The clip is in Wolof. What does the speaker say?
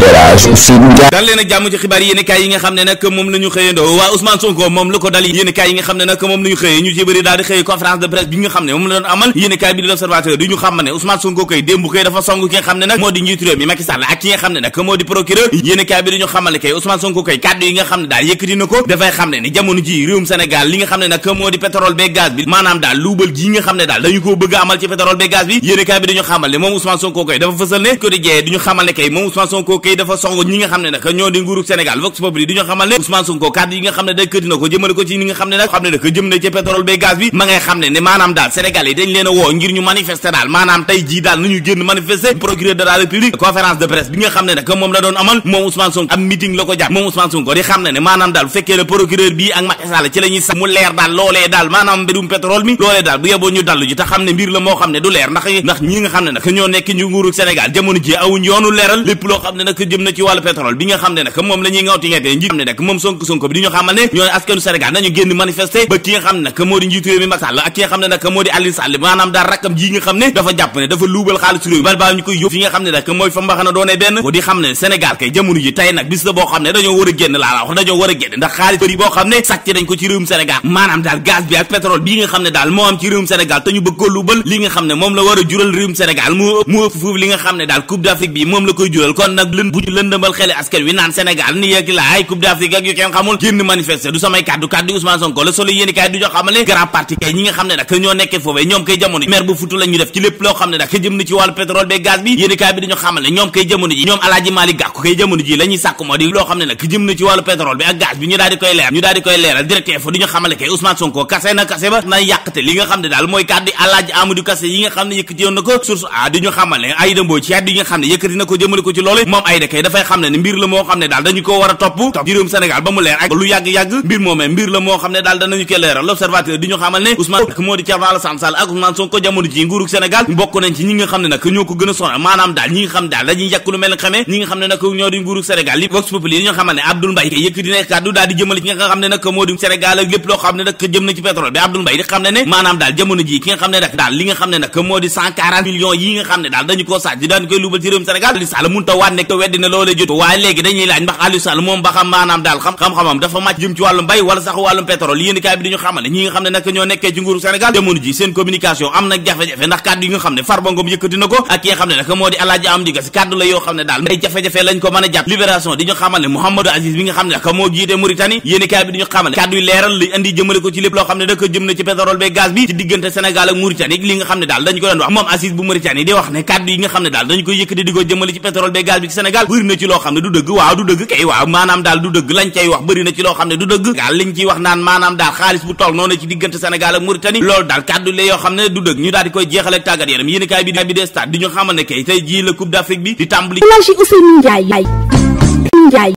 Elhadji Ousseynou Ndiaye dal leen jàmm ci xibaar yi nga xam nga xam ne nag moom la xëyee ñu ci bëri daal di koy dafa song ne nag di njiitu réew mi Macky ne nag moo di procureur yéenekaay koy kàddu yi ne ko di pétrole bee ñu xamal ne moom Ousmane Sonko koy dafa fësal ne ko di jee di ñu xamal ne kay moom Ousmane Sonko kay dafa song ñi nga xam ne nag a moom la doon amal moom Ousmane Sonko am meeting la ko jàpp moom Ousmane Sonko di xam ne ne maanaam daal bu fekkee le procureur bii ak Macky ci la ñuy mu leer daal loolee daal maanaam mbirum pétrole mi loolee daal bu yeboo ñu dallu te xam ne mbir la moo xam ne du leer ndax ñi nga xam ne nag ñoo nekk ñu nguuru Sénégal jamono ji awuñ yoonu leeral lépp loo xam ne nag nag ko di xam ne Sénégal kay jamono ji tey nag bis boo xam ne dañoo war a génn laa la wax dañoo war a génn ndax xaalis boo xam ne sàcc dañ ko ci réewum Sénégal maanaam daal gaz bi ak pétrole bi nga xam ne daal moo am ci réewum Sénégal te ñu bëgg ko luubal li nga xam ne moom la war a jural réewum Sénégal mu ëpp mu li nga xam ne daal Coupe d'Afrique bi moom la koy jural kon nag lën bu ñu lëndëmal xeli askan wi naan Sénégal ni yegg la ay coupe d'Afrique ak yu kenn xamul génn manifester du samay kàddu kàddu Ousmane Sonko la kase na kase ba na yàqte li nga xam ne daal mooy kàddu alaaji Amadou Kassé yi nga xam ne yëkkati yoon na ko source a du ñu xamale Aïda Mbodj ci at yi nga xam ne yëkkati na ko jëmale ko ci loolu Aïda kay dafay xam ne ni mbir la moo xam ne daal dañu ko war a topp topp juróom Sénégal ba mu leer ak lu yàgg-yàgg mbir moomee mbir la moo xam ne daal danañu ko leeral ak moo ne ci nga bi Abdoul Mbaye di xam ne ne maanaam daal jamono ji ki nga xam ne nag daal li nga xam ne nag koy luubal ci réewum li Sall mun ta waat nekk weddi na loolee waaye léegi dañuy laaj ndax Aliou moom ba xam maanaam daal xam xam-xamam dafa màcc jëm ci wàllum mbay wala sax wàllum pétrole yéenekaay bi dañu xamal ñi a xamal ne Mouhamadou Aziz bi nga xam ne nag moo jiite Mauritanie yéenekaay bi di xamal ne kàddu yi leeral li indi jëmale ko ci lépp loo xam ne nag jëm na ci pétrole ba gaz bi ci diggante Sénégal ak Mauritanie li nga xam ne daal dañ ko doon wax moom Aziz bu Mauritanie di wax ne kàddu yi nga xam ne daal dañ Sénégal bëri na ci loo xam ne du dëgg waaw du dëgg kay waaw maanaam daal du dëgg lañ cay wax bëri ci loo xam ne du dëgg daal liñ ciy wax naan maanaam daal xaalis bu toll noonu ci diggante Sénégal ak Mauritanie loolu daal kàddu la yoo xam ne du dëgg ñu daal koy jeexal ak tàggat yaram yéen bi bi des stade xamal ne kay tey jii la d'Afrique bi di tàmbali Elhadji Ousseynou Ndiaye